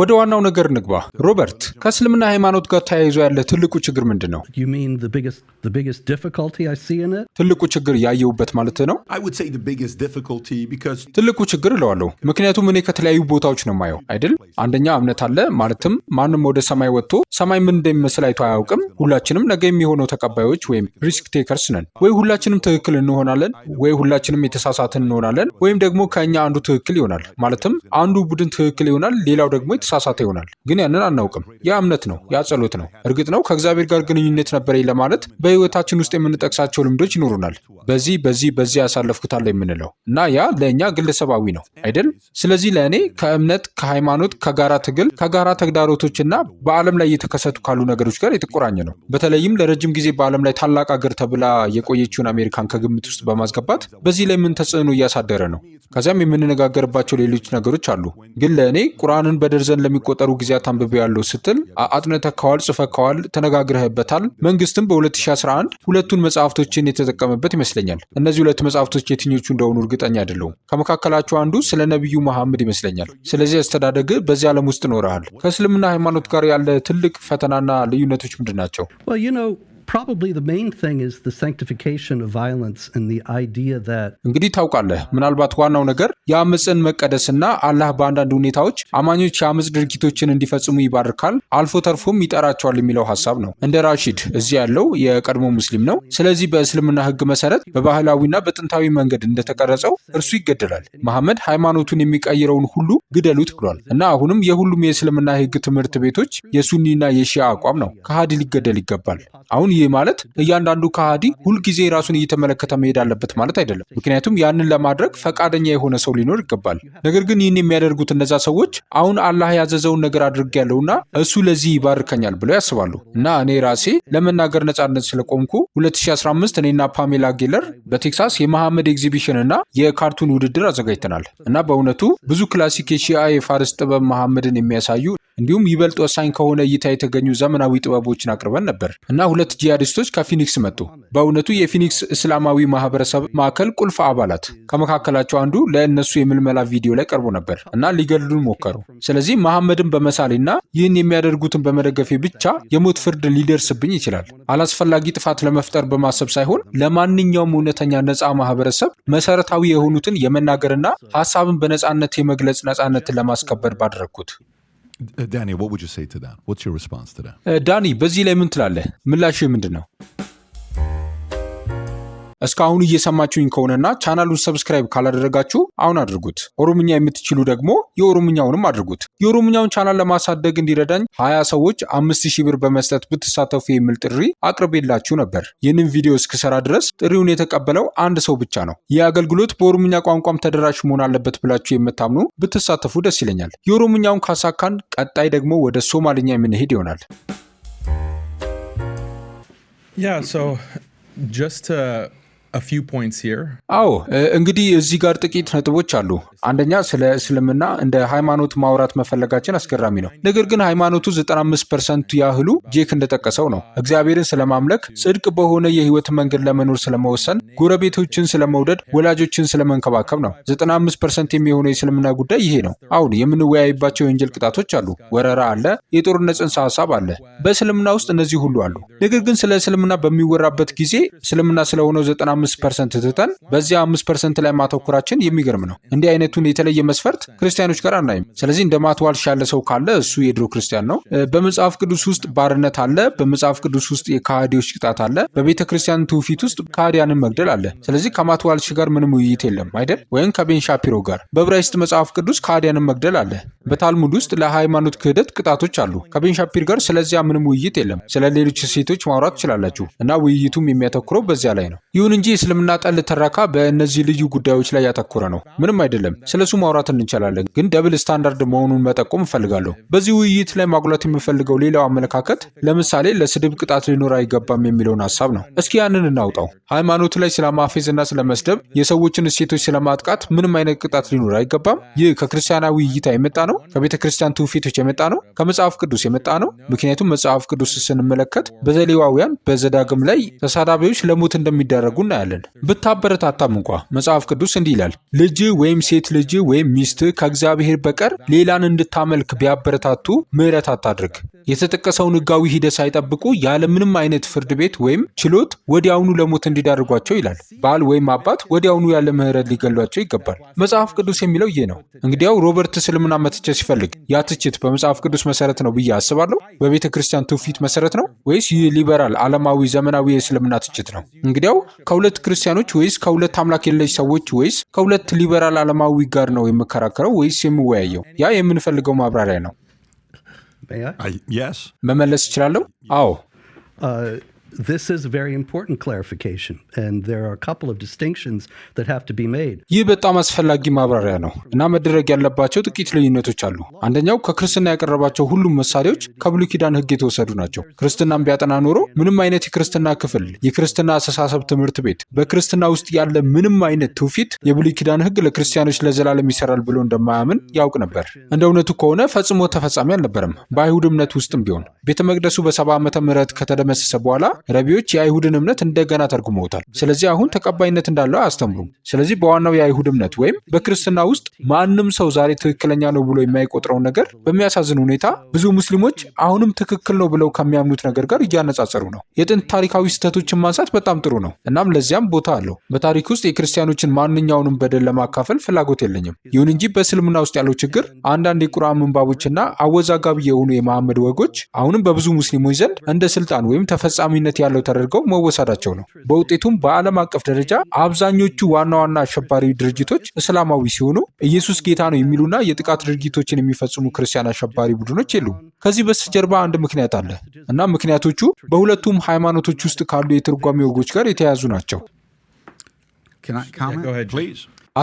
ወደ ዋናው ነገር ንግባ። ሮበርት፣ ከእስልምና ሃይማኖት ጋር ተያይዞ ያለ ትልቁ ችግር ምንድን ነው? ትልቁ ችግር ያየሁበት ማለት ነው? ትልቁ ችግር እለዋለሁ፣ ምክንያቱም እኔ ከተለያዩ ቦታዎች ነው ማየው አይደል። አንደኛ እምነት አለ ማለትም ማንም ወደ ሰማይ ወጥቶ ሰማይ ምን እንደሚመስል አይቶ አያውቅም። ሁላችንም ነገ የሚሆነው ተቀባዮች ወይም ሪስክ ቴከርስ ነን። ወይ ሁላችንም ትክክል እንሆናለን፣ ወይ ሁላችንም የተሳሳትን እንሆናለን፣ ወይም ደግሞ ከእኛ አንዱ ትክክል ይሆናል። ማለትም አንዱ ቡድን ትክክል ይሆናል፣ ሌላው ደግሞ የተሳሳተ ይሆናል። ግን ያንን አናውቅም። ያ እምነት ነው፣ ያ ጸሎት ነው። እርግጥ ነው ከእግዚአብሔር ጋር ግንኙነት ነበረኝ ለማለት በህይወታችን ውስጥ የምንጠቅሳቸው ልምዶች ይኖሩናል። በዚህ በዚህ በዚህ ያሳለፍኩታል የምንለው እና ያ ለእኛ ግለሰባዊ ነው አይደል? ስለዚህ ለእኔ ከእምነት ከሃይማኖት፣ ከጋራ ትግል፣ ከጋራ ተግዳሮቶችና በዓለም ላይ እየተከሰቱ ካሉ ነገሮች ጋር የተቆራኘ ነው። በተለይም ለረጅም ጊዜ በዓለም ላይ ታላቅ አገር ተብላ የቆየችውን አሜሪካን ከግምት ውስጥ በማስገባት በዚህ ላይ ምን ተጽዕኖ እያሳደረ ነው? ከዚያም የምንነ የምንነጋገርባቸው ሌሎች ነገሮች አሉ። ግን ለእኔ ቁርአንን በደርዘን ለሚቆጠሩ ጊዜያት አንብቤ ያለው ስትል አጥንተከዋል፣ ጽፈከዋል፣ ተነጋግረህበታል። መንግስትም በ2011 ሁለቱን መጽሐፍቶችን የተጠቀመበት ይመስለኛል። እነዚህ ሁለት መጽሐፍቶች የትኞቹ እንደሆኑ እርግጠኛ አይደለሁም። ከመካከላቸው አንዱ ስለ ነቢዩ መሐመድ ይመስለኛል። ስለዚህ አስተዳደግ በዚህ ዓለም ውስጥ ኖረሃል። ከእስልምና ሃይማኖት ጋር ያለ ትልቅ ፈተናና ልዩነቶች ምንድን ናቸው? probably the main thing is the sanctification of violence and the idea that እንግዲህ ታውቃለህ፣ ምናልባት ዋናው ነገር የአመፅን መቀደስና አላህ በአንዳንድ ሁኔታዎች አማኞች የአመፅ ድርጊቶችን እንዲፈጽሙ ይባርካል፣ አልፎ ተርፎም ይጠራቸዋል የሚለው ሀሳብ ነው። እንደ ራሺድ እዚህ ያለው የቀድሞ ሙስሊም ነው። ስለዚህ በእስልምና ህግ መሰረት በባህላዊና በጥንታዊ መንገድ እንደተቀረጸው እርሱ ይገደላል። መሐመድ ሃይማኖቱን የሚቀይረውን ሁሉ ግደሉት ብሏል እና አሁንም የሁሉም የእስልምና ህግ ትምህርት ቤቶች የሱኒና የሺያ አቋም ነው። ከሃዲ ሊገደል ይገባል። አሁን ይህ ማለት እያንዳንዱ ከሃዲ ሁልጊዜ ራሱን እየተመለከተ መሄድ አለበት ማለት አይደለም። ምክንያቱም ያንን ለማድረግ ፈቃደኛ የሆነ ሰው ሊኖር ይገባል። ነገር ግን ይህን የሚያደርጉት እነዛ ሰዎች አሁን አላህ ያዘዘውን ነገር ያለውና እሱ ለዚህ ይባርከኛል ብለው ያስባሉ። እና እኔ ራሴ ለመናገር ነጻነት ስለቆምኩ 2015 እኔና ፓሜላ ጌለር በቴክሳስ የመሐመድ ኤግዚቢሽን እና የካርቱን ውድድር አዘጋጅተናል እና በእውነቱ ብዙ ክላሲክ የሺአ የፋርስ ጥበብ መሐመድን የሚያሳዩ እንዲሁም ይበልጥ ወሳኝ ከሆነ እይታ የተገኙ ዘመናዊ ጥበቦችን አቅርበን ነበር እና ሁለት ጂሃዲስቶች ከፊኒክስ መጡ። በእውነቱ የፊኒክስ እስላማዊ ማህበረሰብ ማዕከል ቁልፍ አባላት ከመካከላቸው አንዱ ለእነሱ የምልመላ ቪዲዮ ላይ ቀርቦ ነበር እና ሊገድሉን ሞከሩ። ስለዚህ መሐመድን በመሳሌና ይህን የሚያደርጉትን በመደገፌ ብቻ የሞት ፍርድ ሊደርስብኝ ይችላል። አላስፈላጊ ጥፋት ለመፍጠር በማሰብ ሳይሆን ለማንኛውም እውነተኛ ነፃ ማህበረሰብ መሰረታዊ የሆኑትን የመናገርና ሀሳብን በነፃነት የመግለጽ ነፃነትን ለማስከበር ባደረግኩት ዳኒ uh, ዳኒ uh, በዚህ ላይ ምን ትላለህ? ምላሽ ምንድን ነው? እስካሁን እየሰማችሁኝ ከሆነና ቻናሉን ሰብስክራይብ ካላደረጋችሁ አሁን አድርጉት። ኦሮምኛ የምትችሉ ደግሞ የኦሮምኛውንም አድርጉት። የኦሮምኛውን ቻናል ለማሳደግ እንዲረዳኝ ሀያ ሰዎች አምስት ሺህ ብር በመስጠት ብትሳተፉ የሚል ጥሪ አቅርቤላችሁ ነበር። ይህንን ቪዲዮ እስክሰራ ድረስ ጥሪውን የተቀበለው አንድ ሰው ብቻ ነው። ይህ አገልግሎት በኦሮምኛ ቋንቋም ተደራሽ መሆን አለበት ብላችሁ የምታምኑ ብትሳተፉ ደስ ይለኛል። የኦሮምኛውን ካሳካን ቀጣይ ደግሞ ወደ ሶማልኛ የምንሄድ ይሆናል። ያ አዎ እንግዲህ እዚህ ጋር ጥቂት ነጥቦች አሉ። አንደኛ ስለ እስልምና እንደ ሃይማኖት ማውራት መፈለጋችን አስገራሚ ነው። ነገር ግን ሃይማኖቱ 95 ፐርሰንቱ ያህሉ ጄክ እንደጠቀሰው ነው። እግዚአብሔርን ስለማምለክ፣ ጽድቅ በሆነ የህይወት መንገድ ለመኖር ስለመወሰን፣ ጎረቤቶችን ስለመውደድ፣ ወላጆችን ስለመንከባከብ ነው። 95 ፐርሰንት የሚሆነው የእስልምና ጉዳይ ይሄ ነው። አሁን የምንወያይባቸው የወንጀል ቅጣቶች አሉ፣ ወረራ አለ፣ የጦርነት ጽንሰ ሀሳብ አለ። በእስልምና ውስጥ እነዚህ ሁሉ አሉ። ነገር ግን ስለ እስልምና በሚወራበት ጊዜ እስልምና ስለሆነው አምስት ፐርሰንት ትተን በዚያ አምስት ፐርሰንት ላይ ማተኩራችን የሚገርም ነው። እንዲህ አይነቱን የተለየ መስፈርት ክርስቲያኖች ጋር አናይም። ስለዚህ እንደ ማት ዋልሽ ያለ ሰው ካለ እሱ የድሮ ክርስቲያን ነው። በመጽሐፍ ቅዱስ ውስጥ ባርነት አለ። በመጽሐፍ ቅዱስ ውስጥ የካሃዲዎች ቅጣት አለ። በቤተ ክርስቲያን ትውፊት ውስጥ ካሃዲያንን መግደል አለ። ስለዚህ ከማት ዋልሽ ጋር ምንም ውይይት የለም አይደል? ወይም ከቤን ሻፒሮ ጋር በዕብራይስጥ መጽሐፍ ቅዱስ ካሃዲያንን መግደል አለ። በታልሙድ ውስጥ ለሃይማኖት ክህደት ቅጣቶች አሉ። ከቤን ሻፒር ጋር ስለዚያ ምንም ውይይት የለም። ስለ ሌሎች ሴቶች ማውራት ትችላላችሁ እና ውይይቱም የሚያተኩረው በዚያ ላይ ነው። ይሁን እንጂ የዚህ እስልምና ጠል ትረካ በእነዚህ ልዩ ጉዳዮች ላይ ያተኮረ ነው። ምንም አይደለም፣ ስለሱ ማውራት እንችላለን፣ ግን ደብል ስታንዳርድ መሆኑን መጠቆም እፈልጋለሁ። በዚህ ውይይት ላይ ማጉላት የምፈልገው ሌላው አመለካከት ለምሳሌ ለስድብ ቅጣት ሊኖር አይገባም የሚለውን ሀሳብ ነው። እስኪ ያንን እናውጣው። ሃይማኖት ላይ ስለማፌዝና ስለመስደብ፣ የሰዎችን እሴቶች ስለማጥቃት ምንም አይነት ቅጣት ሊኖር አይገባም። ይህ ከክርስቲያናዊ እይታ የመጣ ነው። ከቤተ ክርስቲያን ትውፊቶች የመጣ ነው። ከመጽሐፍ ቅዱስ የመጣ ነው። ምክንያቱም መጽሐፍ ቅዱስ ስንመለከት በዘሌዋውያን በዘዳግም ላይ ተሳዳቢዎች ለሞት እንደሚደረጉ እናያለን። እናያለን። ብታበረታታም እንኳ መጽሐፍ ቅዱስ እንዲህ ይላል፣ ልጅ ወይም ሴት ልጅ ወይም ሚስት ከእግዚአብሔር በቀር ሌላን እንድታመልክ ቢያበረታቱ ምሕረት አታድርግ። የተጠቀሰውን ሕጋዊ ሂደት ሳይጠብቁ ያለ ምንም አይነት ፍርድ ቤት ወይም ችሎት ወዲያውኑ ለሞት እንዲዳርጓቸው ይላል። ባል ወይም አባት ወዲያውኑ ያለ ምሕረት ሊገሏቸው ይገባል። መጽሐፍ ቅዱስ የሚለው ይህ ነው። እንግዲያው ሮበርት ስልምና መተቸት ሲፈልግ ያ ትችት በመጽሐፍ ቅዱስ መሰረት ነው ብዬ አስባለሁ። በቤተ ክርስቲያን ትውፊት መሰረት ነው ወይስ ይህ ሊበራል ዓለማዊ ዘመናዊ የእስልምና ትችት ነው? እንግዲያው ከሁለ ከሁለት ክርስቲያኖች ወይስ ከሁለት አምላክ የለሽ ሰዎች ወይስ ከሁለት ሊበራል አለማዊ ጋር ነው የምከራከረው ወይስ የምወያየው? ያ የምንፈልገው ማብራሪያ ነው። መመለስ እችላለሁ? አዎ uh, this is a very important clarification and there are a couple of distinctions that have to be made ይህ በጣም አስፈላጊ ማብራሪያ ነው እና መደረግ ያለባቸው ጥቂት ልዩነቶች አሉ። አንደኛው ከክርስትና ያቀረባቸው ሁሉም መሳሪያዎች ከብሉይ ኪዳን ሕግ የተወሰዱ ናቸው። ክርስትናን ቢያጠና ኖሮ ምንም አይነት የክርስትና ክፍል፣ የክርስትና አስተሳሰብ ትምህርት ቤት፣ በክርስትና ውስጥ ያለ ምንም አይነት ትውፊት የብሉይ ኪዳን ሕግ ለክርስቲያኖች ለዘላለም ይሰራል ብሎ እንደማያምን ያውቅ ነበር። እንደ እውነቱ ከሆነ ፈጽሞ ተፈጻሚ አልነበረም፣ በአይሁድ እምነት ውስጥም ቢሆን ቤተ መቅደሱ በሰባ ዓመተ ምህረት ከተደመሰሰ በኋላ ረቢዎች የአይሁድን እምነት እንደገና ተርጉመውታል። ስለዚህ አሁን ተቀባይነት እንዳለው አያስተምሩም። ስለዚህ በዋናው የአይሁድ እምነት ወይም በክርስትና ውስጥ ማንም ሰው ዛሬ ትክክለኛ ነው ብሎ የማይቆጥረውን ነገር በሚያሳዝን ሁኔታ ብዙ ሙስሊሞች አሁንም ትክክል ነው ብለው ከሚያምኑት ነገር ጋር እያነጻጸሩ ነው። የጥንት ታሪካዊ ስህተቶችን ማንሳት በጣም ጥሩ ነው። እናም ለዚያም ቦታ አለው። በታሪክ ውስጥ የክርስቲያኖችን ማንኛውንም በደል ለማካፈል ፍላጎት የለኝም። ይሁን እንጂ በእስልምና ውስጥ ያለው ችግር አንዳንድ የቁርአን ምንባቦችና አወዛጋቢ የሆኑ የመሐመድ ወጎች አሁን አሁንም በብዙ ሙስሊሞች ዘንድ እንደ ስልጣን ወይም ተፈጻሚነት ያለው ተደርገው መወሰዳቸው ነው። በውጤቱም በዓለም አቀፍ ደረጃ አብዛኞቹ ዋና ዋና አሸባሪ ድርጅቶች እስላማዊ ሲሆኑ ኢየሱስ ጌታ ነው የሚሉና የጥቃት ድርጊቶችን የሚፈጽሙ ክርስቲያን አሸባሪ ቡድኖች የሉም። ከዚህ በስተጀርባ አንድ ምክንያት አለ እና ምክንያቶቹ በሁለቱም ሃይማኖቶች ውስጥ ካሉ የትርጓሜ ወጎች ጋር የተያያዙ ናቸው።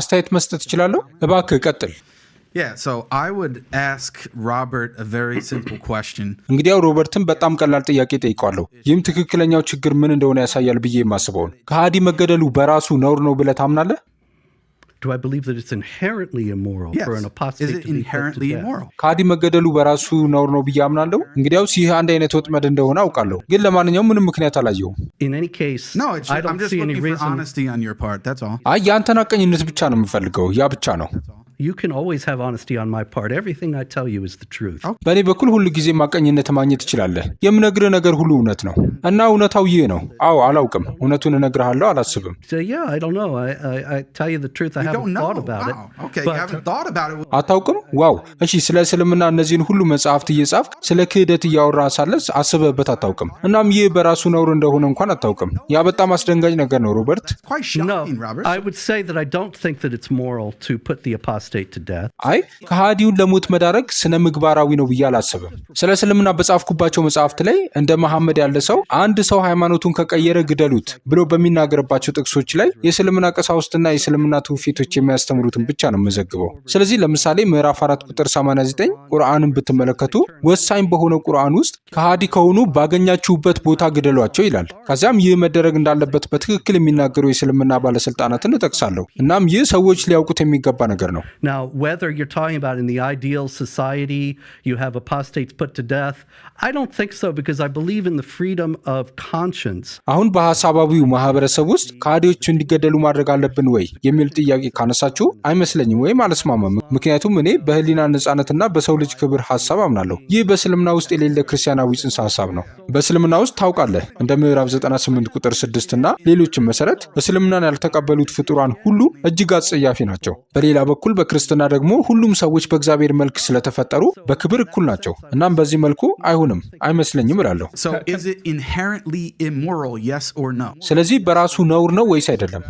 አስተያየት መስጠት እችላለሁ? እባክህ ቀጥል። Yeah, so I would ask Robert a very simple question. እንግዲያው ሮበርትን በጣም ቀላል ጥያቄ ጠይቋለሁ። ይህም ትክክለኛው ችግር ምን እንደሆነ ያሳያል ብዬ የማስበውን ከሃዲ መገደሉ በራሱ ነውር ነው ብለህ ታምናለህ? ከሃዲ መገደሉ በራሱ ነውር ነው ብዬ አምናለሁ። እንግዲያውስ ይህ አንድ አይነት ወጥመድ እንደሆነ አውቃለሁ፣ ግን ለማንኛውም ምንም ምክንያት አላየሁም። አይ የአንተን ሐቀኝነት ብቻ ነው የምፈልገው፣ ያ ብቻ ነው። በእኔ በኩል ሁሉ ጊዜ ማቀኝነት ማግኘት ትችላለህ። የምነግርህ ነገር ሁሉ እውነት ነው እና እውነታው ይህ ነው። አዎ አላውቅም። እውነቱን እነግርሃለሁ። አላስብም። አታውቅም? ዋው። እሺ፣ ስለ እስልምና እነዚህን ሁሉ መጽሐፍት እየጻፍክ ስለ ክህደት እያወራ ሳለስ አስበህበት አታውቅም። እናም ይህ በራሱ ነውር እንደሆነ እንኳን አታውቅም። ያ በጣም አስደንጋጭ ነገር ነው ሮበርት። አይ ከሃዲውን ለሞት መዳረግ ስነ ምግባራዊ ነው ብዬ አላስብም። ስለ እስልምና በጻፍኩባቸው መጽሐፍት ላይ እንደ መሐመድ ያለ ሰው አንድ ሰው ሃይማኖቱን ከቀየረ ግደሉት ብሎ በሚናገርባቸው ጥቅሶች ላይ የእስልምና ቀሳውስትና የእስልምና ትውፊቶች የሚያስተምሩትን ብቻ ነው መዘግበው። ስለዚህ ለምሳሌ ምዕራፍ 4 ቁጥር 89 ቁርአንን ብትመለከቱ ወሳኝ በሆነ ቁርአን ውስጥ ከሃዲ ከሆኑ ባገኛችሁበት ቦታ ግደሏቸው ይላል። ከዚያም ይህ መደረግ እንዳለበት በትክክል የሚናገሩ የእስልምና ባለስልጣናትን እጠቅሳለሁ። እናም ይህ ሰዎች ሊያውቁት የሚገባ ነገር ነው። Now, whether you're talking about in the ideal society, you have apostates put to death, I don't think so because I believe in the freedom of conscience. አሁን በሐሳባዊው ማህበረሰብ ውስጥ ከሃዲዎች እንዲገደሉ ማድረግ አለብን ወይ የሚል ጥያቄ ካነሳችሁ አይመስለኝም ወይም አልስማማም። ምክንያቱም እኔ በህሊና ነጻነትና በሰው ልጅ ክብር ሐሳብ አምናለሁ። ይህ በእስልምና ውስጥ የሌለ ክርስቲያናዊ ጽንሰ ሐሳብ ነው። በእስልምና ውስጥ ታውቃለህ እንደ ምዕራፍ 98 ቁጥር 6 እና ሌሎችም መሰረት እስልምናን ያልተቀበሉት ፍጡራን ሁሉ እጅግ አጸያፊ ናቸው። በሌላ በኩል በክርስትና ደግሞ ሁሉም ሰዎች በእግዚአብሔር መልክ ስለተፈጠሩ በክብር እኩል ናቸው። እናም በዚህ መልኩ አይሁንም፣ አይመስለኝም እላለሁ። ስለዚህ በራሱ ነውር ነው ወይስ አይደለም?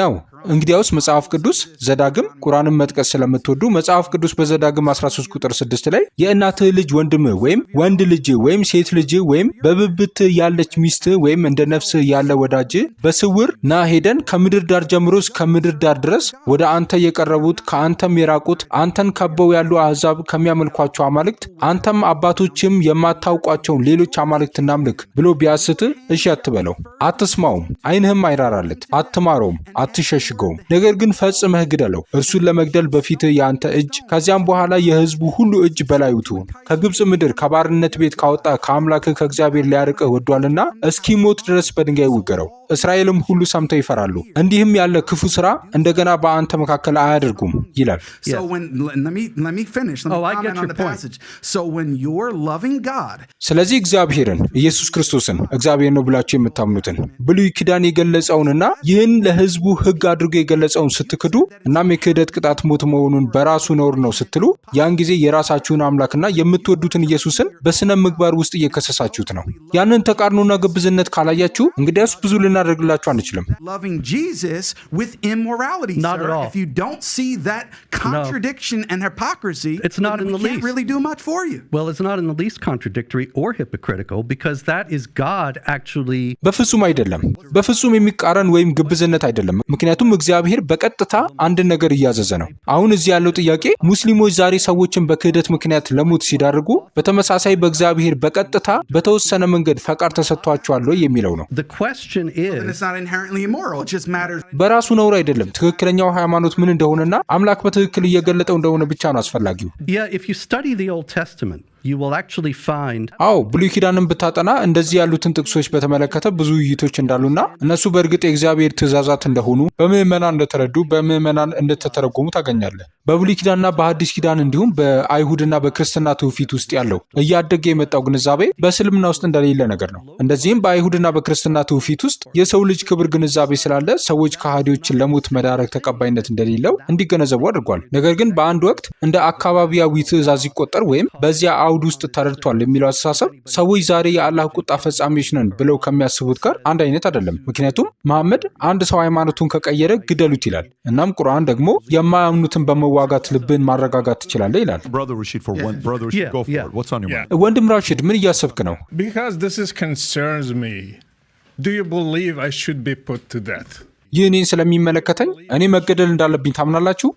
ነው። እንግዲያውስ መጽሐፍ ቅዱስ ዘዳግም፣ ቁራንም መጥቀስ ስለምትወዱ መጽሐፍ ቅዱስ በዘዳግም 13 ቁጥር 6 ላይ የእናትህ ልጅ ወንድም ወይም ወንድ ልጅ ወይም ሴት ልጅ ወይም በብብት ያለች ሚስት ወይም እንደ ነፍስ ያለ ወዳጅ በስውር ና ሄደን ከምድር ዳር ዳር ጀምሮ እስከ ምድር ዳር ድረስ ወደ አንተ የቀረቡት ከአንተም የራቁት አንተን ከበው ያሉ አሕዛብ ከሚያመልኳቸው አማልክት አንተም አባቶችም የማታውቋቸውን ሌሎች አማልክት እናምልክ ብሎ ቢያስት እሺ አትበለው፣ አትስማውም፣ ዓይንህም አይራራለት፣ አትማረውም፣ አትሸሽገውም። ነገር ግን ፈጽመህ ግደለው፣ እርሱን ለመግደል በፊትህ የአንተ እጅ ከዚያም በኋላ የህዝቡ ሁሉ እጅ በላዩ ትሁን። ከግብፅ ምድር ከባርነት ቤት ካወጣ ከአምላክህ ከእግዚአብሔር ሊያርቅህ ወዷልና እስኪሞት ድረስ በድንጋይ ውገረው። እስራኤልም ሁሉ ሰምተው ይፈራሉ፣ እንዲህም ያለ ክፉ ስራ እንደገና በአንተ መካከል አያደርጉም ይላል። ስለዚህ እግዚአብሔርን ኢየሱስ ክርስቶስን እግዚአብሔር ነው ብላችሁ የምታምኑትን ብሉይ ኪዳን የገለጸውንና ይህን ለሕዝቡ ሕግ አድርጎ የገለጸውን ስትክዱ እናም የክህደት ቅጣት ሞት መሆኑን በራሱ ነውር ነው ስትሉ ያን ጊዜ የራሳችሁን አምላክና የምትወዱትን ኢየሱስን በስነ ምግባር ውስጥ እየከሰሳችሁት ነው። ያንን ተቃርኖና ግብዝነት ካላያችሁ እንግዲያስ ብዙ ልና ልናደርግላቸው አንችልም። በፍጹም አይደለም። በፍጹም የሚቃረን ወይም ግብዝነት አይደለም። ምክንያቱም እግዚአብሔር በቀጥታ አንድን ነገር እያዘዘ ነው። አሁን እዚህ ያለው ጥያቄ ሙስሊሞች ዛሬ ሰዎችን በክህደት ምክንያት ለሞት ሲዳርጉ በተመሳሳይ በእግዚአብሔር በቀጥታ በተወሰነ መንገድ ፈቃድ ተሰጥቷቸዋል የሚለው ነው። በራሱ ነውር አይደለም። ትክክለኛው ሃይማኖት ምን እንደሆነና አምላክ በትክክል እየገለጠው እንደሆነ ብቻ ነው አስፈላጊው። አዎ ብሉይ ኪዳንን ብታጠና እንደዚህ ያሉትን ጥቅሶች በተመለከተ ብዙ ውይይቶች እንዳሉና እነሱ በእርግጥ የእግዚአብሔር ትእዛዛት እንደሆኑ በምዕመናን እንደተረዱ በምዕመናን እንደተተረጎሙ ታገኛለህ። በብሉይ ኪዳንና በሐዲስ ኪዳን እንዲሁም በአይሁድና በክርስትና ትውፊት ውስጥ ያለው እያደገ የመጣው ግንዛቤ በእስልምና ውስጥ እንደሌለ ነገር ነው። እንደዚህም በአይሁድና በክርስትና ትውፊት ውስጥ የሰው ልጅ ክብር ግንዛቤ ስላለ ሰዎች ከሃዲዎችን ለሞት መዳረግ ተቀባይነት እንደሌለው እንዲገነዘቡ አድርጓል። ነገር ግን በአንድ ወቅት እንደ አካባቢያዊ ትእዛዝ ይቆጠር ወይም በዚያ አውድ ውስጥ ተረድቷል የሚለው አስተሳሰብ ሰዎች ዛሬ የአላህ ቁጣ ፈጻሚዎች ነን ብለው ከሚያስቡት ጋር አንድ አይነት አይደለም። ምክንያቱም መሐመድ አንድ ሰው ሃይማኖቱን ከቀየረ ግደሉት ይላል። እናም ቁርአን ደግሞ የማያምኑትን በመዋጋት ልብን ማረጋጋት ትችላለህ ይላል። ወንድም ራሽድ ምን እያሰብክ ነው? ይህ እኔን ስለሚመለከተኝ እኔ መገደል እንዳለብኝ ታምናላችሁ?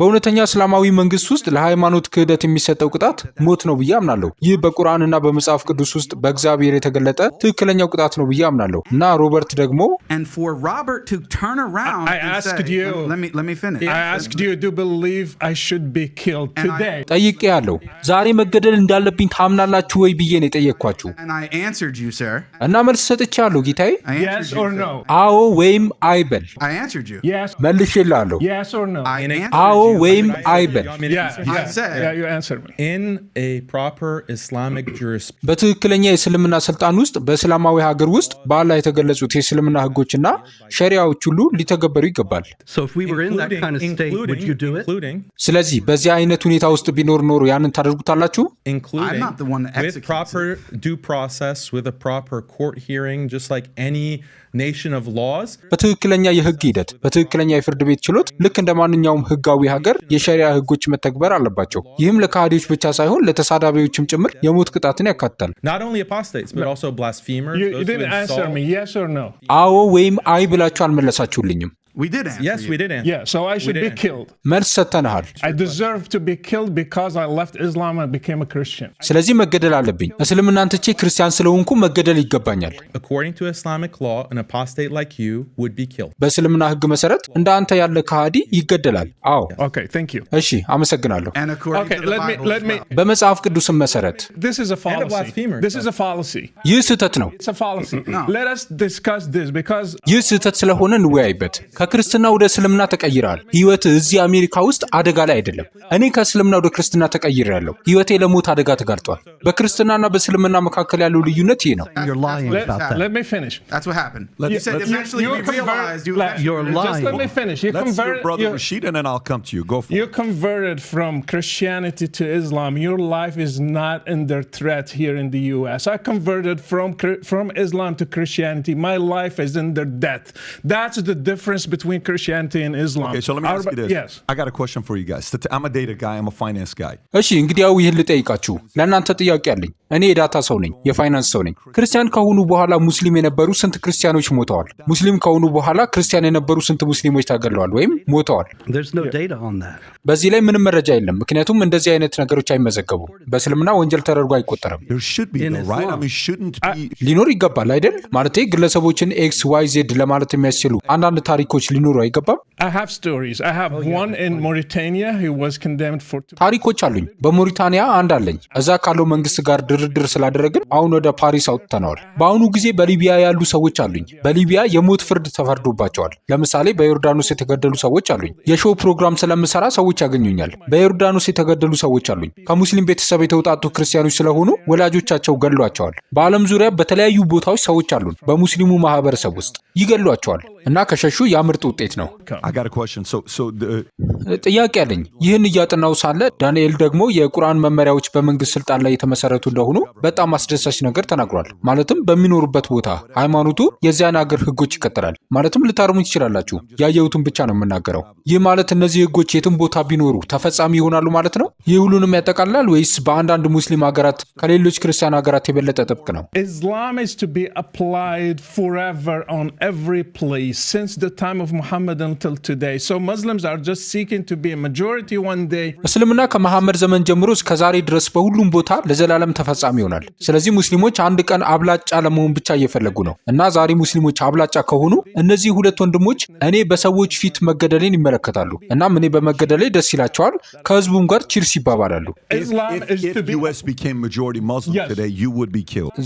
በእውነተኛ እስላማዊ መንግስት ውስጥ ለሃይማኖት ክህደት የሚሰጠው ቅጣት ሞት ነው ብዬ አምናለሁ። ይህ በቁርአንና በመጽሐፍ ቅዱስ ውስጥ በእግዚአብሔር የተገለጠ ትክክለኛው ቅጣት ነው ብዬ አምናለሁ እና ሮበርት ደግሞ ጠይቄ ያለው ዛሬ መገደል እንዳለብኝ ታምናላችሁ ወይ ብዬ ነው የጠየቅኳችሁ እና መልስ ሰጥቻለሁ ጌታዬ። አዎ ወይም አይበል መልሼልሃለሁ፣ አዎ ወይም አይበል። በትክክለኛ የእስልምና ስልጣን ውስጥ በእስላማዊ ሀገር ውስጥ በአላህ የተገለጹት የእስልምና ህጎችና ሸሪያዎች ሁሉ ሊተገበሩ ይገባል። ስለዚህ በዚህ አይነት ሁኔታ ውስጥ ቢኖር ኖሮ ያንን ታደርጉታላችሁ? በትክክለኛ የህግ ሂደት በትክክለኛ የፍርድ ቤት ችሎት ልክ እንደ ማንኛውም ህጋዊ ሀገር የሸሪያ ህጎች መተግበር አለባቸው። ይህም ለካሃዲዎች ብቻ ሳይሆን ለተሳዳቢዎችም ጭምር የሞት ቅጣትን ያካትታል። አዎ ወይም አይ ብላችሁ አልመለሳችሁልኝም። We did answer. Yes, you. we did answer. Yeah, so I should be answer. killed. መልስ ሰጥተንሃል። I deserve to be killed because I left Islam and became a Christian. ስለዚህ መገደል አለብኝ። እስልምናን ትቼ ክርስቲያን ስለሆንኩ መገደል ይገባኛል። According to Islamic law, an apostate like you would be killed. በእስልምና ሕግ መሰረት እንደ አንተ ያለ ከሃዲ ይገደላል። አዎ። Okay, thank you. እሺ፣ አመሰግናለሁ። Okay, let me let me በመጽሐፍ ቅዱስ መሰረት This is a fallacy. This is a fallacy. ይህ ስህተት ነው። It's a fallacy. Let us discuss this because ይህ ስህተት ስለሆነ እንወያይበት። ከክርስትና ወደ እስልምና ተቀይረሃል። ህይወት እዚህ አሜሪካ ውስጥ አደጋ ላይ አይደለም። እኔ ከእስልምና ወደ ክርስትና ተቀይር ያለው ህይወቴ ለሞት አደጋ ተጋልጧል። በክርስትናና በእስልምና መካከል ያለው ልዩነት ይህ ነው። ስ between Christianity and Islam. Okay, so let me ask you this. Yes. I got a question for you guys. I'm a data guy, I'm a finance guy. እኔ የዳታ ሰው ነኝ፣ የፋይናንስ ሰው ነኝ። ክርስቲያን ከሆኑ በኋላ ሙስሊም የነበሩ ስንት ክርስቲያኖች ሞተዋል? ሙስሊም ከሆኑ በኋላ ክርስቲያን የነበሩ ስንት ሙስሊሞች ታገለዋል ወይም ሞተዋል? በዚህ ላይ ምንም መረጃ የለም፣ ምክንያቱም እንደዚህ አይነት ነገሮች አይመዘገቡም። በእስልምና ወንጀል ተደርጎ አይቆጠርም። ሊኖር ይገባል አይደል? ማለት ግለሰቦችን ኤክስ ዋይ ዜድ ለማለት የሚያስችሉ አንዳንድ ታሪኮች ሊኖሩ አይገባም። ታሪኮች አሉኝ። በሞሪታንያ አንድ አለኝ። እዛ ካለው መንግስት ጋር ድር ድርድር ስላደረግን አሁን ወደ ፓሪስ አውጥተነዋል። በአሁኑ ጊዜ በሊቢያ ያሉ ሰዎች አሉኝ። በሊቢያ የሞት ፍርድ ተፈርዶባቸዋል። ለምሳሌ በዮርዳኖስ የተገደሉ ሰዎች አሉኝ። የሾው ፕሮግራም ስለምሰራ ሰዎች ያገኙኛል። በዮርዳኖስ የተገደሉ ሰዎች አሉኝ። ከሙስሊም ቤተሰብ የተውጣጡ ክርስቲያኖች ስለሆኑ ወላጆቻቸው ገሏቸዋል። በዓለም ዙሪያ በተለያዩ ቦታዎች ሰዎች አሉን። በሙስሊሙ ማህበረሰብ ውስጥ ይገሏቸዋል እና ከሸሹ ያምርጥ ውጤት ነው። ጥያቄ አለኝ። ይህን እያጠናው ሳለ ዳንኤል ደግሞ የቁርአን መመሪያዎች በመንግስት ስልጣን ላይ የተመሰረቱ እንደሆኑ ሆኖ በጣም አስደሳች ነገር ተናግሯል። ማለትም በሚኖሩበት ቦታ ሃይማኖቱ የዚያን አገር ህጎች ይከተላል። ማለትም ልታርሙ ትችላላችሁ፣ ያየሁትን ብቻ ነው የምናገረው። ይህ ማለት እነዚህ ህጎች የትም ቦታ ቢኖሩ ተፈጻሚ ይሆናሉ ማለት ነው። ይህ ሁሉንም ያጠቃልላል ወይስ በአንዳንድ ሙስሊም ሀገራት ከሌሎች ክርስቲያን ሀገራት የበለጠ ጥብቅ ነው? እስልምና ከመሐመድ ዘመን ጀምሮ እስከ ዛሬ ድረስ በሁሉም ቦታ ለዘላለም ተፈ ፍጻሜ ይሆናል። ስለዚህ ሙስሊሞች አንድ ቀን አብላጫ ለመሆን ብቻ እየፈለጉ ነው እና ዛሬ ሙስሊሞች አብላጫ ከሆኑ እነዚህ ሁለት ወንድሞች እኔ በሰዎች ፊት መገደሌን ይመለከታሉ። እናም እኔ በመገደሌ ደስ ይላቸዋል። ከህዝቡም ጋር ቺርስ ይባባላሉ።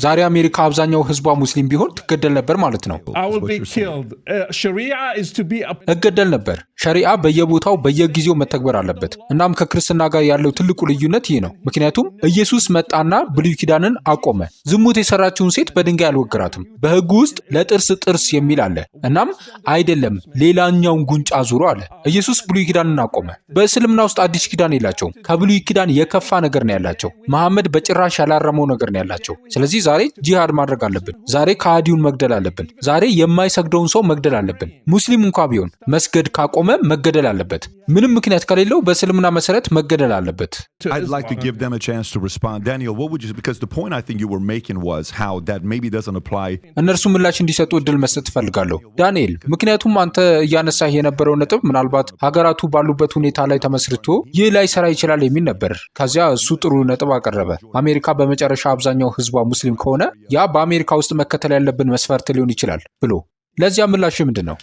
ዛሬ አሜሪካ አብዛኛው ህዝቧ ሙስሊም ቢሆን ትገደል ነበር ማለት ነው። uh, እገደል ነበር። ሸሪአ በየቦታው በየጊዜው መተግበር አለበት። እናም ከክርስትና ጋር ያለው ትልቁ ልዩነት ይህ ነው። ምክንያቱም ኢየሱስ መጣና ብሉይ ኪዳንን አቆመ። ዝሙት የሰራችውን ሴት በድንጋይ አልወገራትም። በሕጉ ውስጥ ለጥርስ ጥርስ የሚል አለ። እናም አይደለም ሌላኛውን ጉንጫ ዙሮ አለ። ኢየሱስ ብሉይ ኪዳንን አቆመ። በእስልምና ውስጥ አዲስ ኪዳን የላቸውም። ከብሉይ ኪዳን የከፋ ነገር ነው ያላቸው። መሐመድ በጭራሽ ያላረመው ነገር ነው ያላቸው። ስለዚህ ዛሬ ጂሃድ ማድረግ አለብን። ዛሬ ከሃዲውን መግደል አለብን። ዛሬ የማይሰግደውን ሰው መግደል አለብን። ሙስሊም እንኳ ቢሆን መስገድ ካቆመ መገደል አለበት። ምንም ምክንያት ከሌለው በእስልምና መሰረት መገደል አለበት። እነርሱ ምላሽ እንዲሰጡ እድል መስጠት እፈልጋለሁ ዳንኤል፣ ምክንያቱም አንተ እያነሳህ የነበረው ነጥብ ምናልባት ሀገራቱ ባሉበት ሁኔታ ላይ ተመስርቶ ይህ ላይሰራ ይችላል የሚል ነበር። ከዚያ እሱ ጥሩ ነጥብ አቀረበ። አሜሪካ በመጨረሻ አብዛኛው ህዝቧ ሙስሊም ከሆነ ያ በአሜሪካ ውስጥ መከተል ያለብን መስፈርት ሊሆን ይችላል ብሎ ለዚያ ምላሽ ምንድን ነው?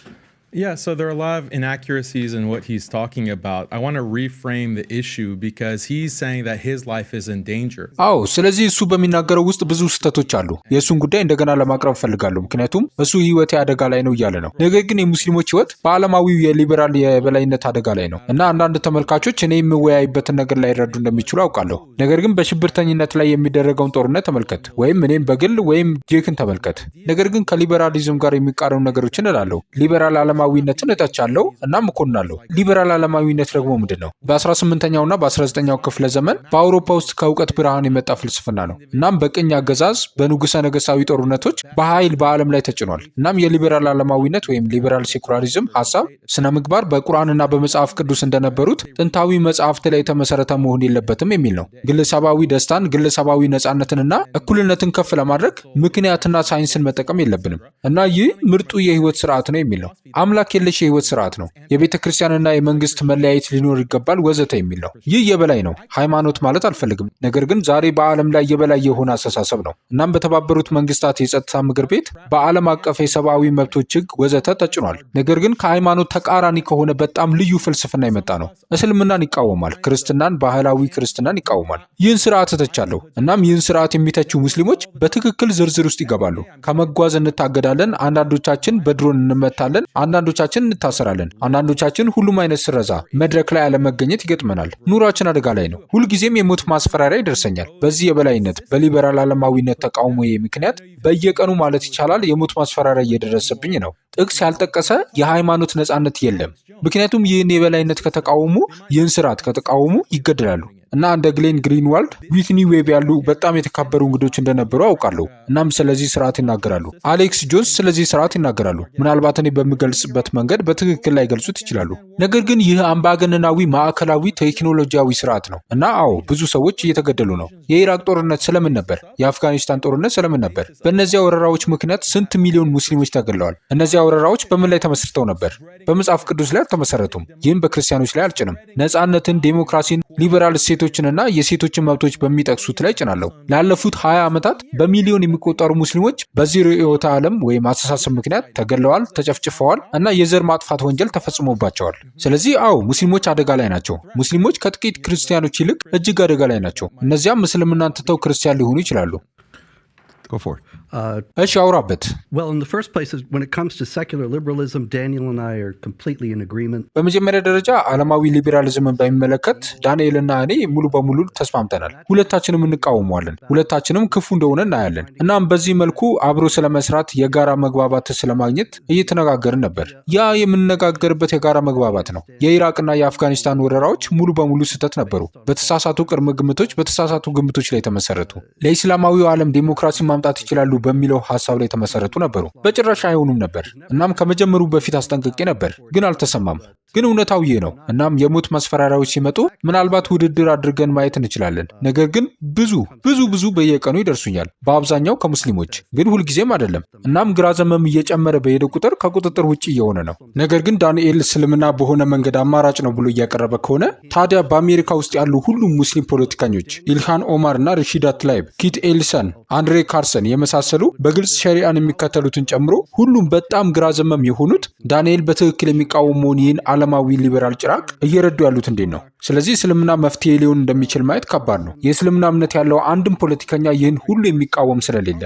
Yeah, so there are a lot of inaccuracies in what he's talking about. I want to reframe the issue because he's saying that his life is in danger. አዎ፣ ስለዚህ እሱ በሚናገረው ውስጥ ብዙ ስህተቶች አሉ። የእሱን ጉዳይ እንደገና ለማቅረብ እፈልጋለሁ፣ ምክንያቱም እሱ ህይወቴ አደጋ ላይ ነው እያለ ነው። ነገር ግን የሙስሊሞች ህይወት በዓለማዊው የሊበራል የበላይነት አደጋ ላይ ነው እና አንዳንድ ተመልካቾች እኔ የምወያይበትን ነገር ላይረዱ እንደሚችሉ አውቃለሁ። ነገር ግን በሽብርተኝነት ላይ የሚደረገውን ጦርነት ተመልከት፣ ወይም እኔም በግል ወይም ጄክን ተመልከት። ነገር ግን ከሊበራሊዝም ጋር የሚቃረኑ ነገሮችን እላለሁ። ሊበራል ዓለም አለማዊነትን እተቻለሁ እና እኮንናለሁ። ሊበራል አለማዊነት ደግሞ ምንድን ነው? በ18ኛውና በ19ኛው ክፍለ ዘመን በአውሮፓ ውስጥ ከእውቀት ብርሃን የመጣ ፍልስፍና ነው። እናም በቅኝ አገዛዝ፣ በንጉሠ ነገስታዊ ጦርነቶች በኃይል በዓለም ላይ ተጭኗል። እናም የሊበራል አለማዊነት ወይም ሊበራል ሴኩላሪዝም ሀሳብ ስነ ምግባር በቁርአንና በመጽሐፍ ቅዱስ እንደነበሩት ጥንታዊ መጽሐፍት ላይ የተመሰረተ መሆን የለበትም የሚል ነው። ግለሰባዊ ደስታን፣ ግለሰባዊ ነፃነትንና እኩልነትን ከፍ ለማድረግ ምክንያትና ሳይንስን መጠቀም የለብንም እና ይህ ምርጡ የህይወት ስርዓት ነው የሚል ነው። አምላክ የለሽ የህይወት ስርዓት ነው። የቤተ ክርስቲያንና የመንግስት መለያየት ሊኖር ይገባል ወዘተ የሚል ነው። ይህ የበላይ ነው። ሃይማኖት ማለት አልፈልግም፣ ነገር ግን ዛሬ በዓለም ላይ የበላይ የሆነ አስተሳሰብ ነው። እናም በተባበሩት መንግስታት የጸጥታ ምክር ቤት በዓለም አቀፍ የሰብአዊ መብቶች ህግ ወዘተ ተጭኗል። ነገር ግን ከሃይማኖት ተቃራኒ ከሆነ በጣም ልዩ ፍልስፍና የመጣ ነው። እስልምናን ይቃወማል፣ ክርስትናን፣ ባህላዊ ክርስትናን ይቃወማል። ይህን ስርዓት እተቻለሁ። እናም ይህን ስርዓት የሚተችው ሙስሊሞች በትክክል ዝርዝር ውስጥ ይገባሉ። ከመጓዝ እንታገዳለን። አንዳንዶቻችን በድሮን እንመታለን። አንዳንድ አንዳንዶቻችን እንታሰራለን፣ አንዳንዶቻችን ሁሉም አይነት ስረዛ መድረክ ላይ አለመገኘት ይገጥመናል። ኑሯችን አደጋ ላይ ነው። ሁልጊዜም የሞት ማስፈራሪያ ይደርሰኛል። በዚህ የበላይነት በሊበራል አለማዊነት ተቃውሞ ምክንያት በየቀኑ ማለት ይቻላል የሞት ማስፈራሪያ እየደረሰብኝ ነው። ጥቅስ ያልጠቀሰ የሃይማኖት ነፃነት የለም። ምክንያቱም ይህን የበላይነት ከተቃወሙ፣ ይህን ስርዓት ከተቃወሙ ይገደላሉ። እና እንደ ግሌን ግሪንዋልድ፣ ዊትኒ ዌብ ያሉ በጣም የተካበሩ እንግዶች እንደነበሩ አውቃለሁ። እናም ስለዚህ ስርዓት ይናገራሉ። አሌክስ ጆንስ ስለዚህ ስርዓት ይናገራሉ። ምናልባት እኔ በምገልጽበት መንገድ በትክክል ላይ ገልጹት ይችላሉ። ነገር ግን ይህ አምባገነናዊ ማዕከላዊ ቴክኖሎጂያዊ ስርዓት ነው እና አዎ፣ ብዙ ሰዎች እየተገደሉ ነው። የኢራቅ ጦርነት ስለምን ነበር? የአፍጋኒስታን ጦርነት ስለምን ነበር? በእነዚያ ወረራዎች ምክንያት ስንት ሚሊዮን ሙስሊሞች ተገድለዋል? እነዚያ ወረራዎች በምን ላይ ተመስርተው ነበር? በመጽሐፍ ቅዱስ ላይ አልተመሰረቱም። ይህም በክርስቲያኖች ላይ አልጭንም። ነፃነትን፣ ዴሞክራሲን፣ ሊበራል እሴቶ መብቶችንና የሴቶችን መብቶች በሚጠቅሱት ላይ ጭናለሁ። ላለፉት 20 ዓመታት በሚሊዮን የሚቆጠሩ ሙስሊሞች በዚህ ርዕዮተ ዓለም ወይም አስተሳሰብ ምክንያት ተገለዋል፣ ተጨፍጭፈዋል እና የዘር ማጥፋት ወንጀል ተፈጽሞባቸዋል። ስለዚህ አዎ ሙስሊሞች አደጋ ላይ ናቸው። ሙስሊሞች ከጥቂት ክርስቲያኖች ይልቅ እጅግ አደጋ ላይ ናቸው። እነዚያም እስልምናን ትተው ክርስቲያን ሊሆኑ ይችላሉ። Go for uh, it. እሺ አውራበት። በመጀመሪያ ደረጃ ዓለማዊ ሊበራሊዝምን በሚመለከት ዳንኤልና እኔ ሙሉ በሙሉ ተስማምተናል። ሁለታችንም እንቃወመዋለን። ሁለታችንም ክፉ እንደሆነ እናያለን። እናም በዚህ መልኩ አብሮ ስለመስራት የጋራ መግባባት ስለማግኘት እየተነጋገርን ነበር። ያ የምንነጋገርበት የጋራ መግባባት ነው። የኢራቅና የአፍጋኒስታን ወረራዎች ሙሉ በሙሉ ስህተት ነበሩ። በተሳሳቱ ቅድመ ግምቶች፣ በተሳሳቱ ግምቶች ላይ ተመሰረቱ። ለኢስላማዊው ዓለም ዴሞክራሲ ማምጣት ማምጣት ይችላሉ በሚለው ሀሳብ ላይ የተመሰረቱ ነበሩ። በጭራሽ አይሆኑም ነበር። እናም ከመጀመሩ በፊት አስጠንቅቄ ነበር፣ ግን አልተሰማም። ግን እውነታው ይህ ነው። እናም የሞት ማስፈራሪያዎች ሲመጡ ምናልባት ውድድር አድርገን ማየት እንችላለን። ነገር ግን ብዙ ብዙ ብዙ በየቀኑ ይደርሱኛል፣ በአብዛኛው ከሙስሊሞች ግን ሁልጊዜም አይደለም። እናም ግራ ዘመም እየጨመረ በሄደ ቁጥር ከቁጥጥር ውጭ እየሆነ ነው። ነገር ግን ዳንኤል እስልምና በሆነ መንገድ አማራጭ ነው ብሎ እያቀረበ ከሆነ ታዲያ በአሜሪካ ውስጥ ያሉ ሁሉም ሙስሊም ፖለቲከኞች ኢልሃን ኦማር እና ርሺዳ ትላይብ፣ ኪት ኤልሰን፣ አንድሬ ካር አርሰን የመሳሰሉ በግልጽ ሸሪአን የሚከተሉትን ጨምሮ ሁሉም በጣም ግራ ዘመም የሆኑት ዳንኤል በትክክል የሚቃወመውን ይህን ዓለማዊ ሊበራል ጭራቅ እየረዱ ያሉት እንዴት ነው? ስለዚህ እስልምና መፍትሄ ሊሆን እንደሚችል ማየት ከባድ ነው። የእስልምና እምነት ያለው አንድም ፖለቲከኛ ይህን ሁሉ የሚቃወም ስለሌለ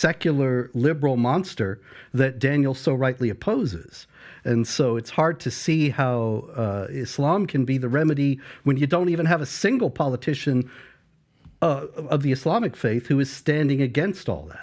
secular liberal monster that Daniel so rightly opposes. And so it's hard to see how uh, Islam can be the remedy when you don't even have a single politician uh, of the Islamic faith who is standing against all that.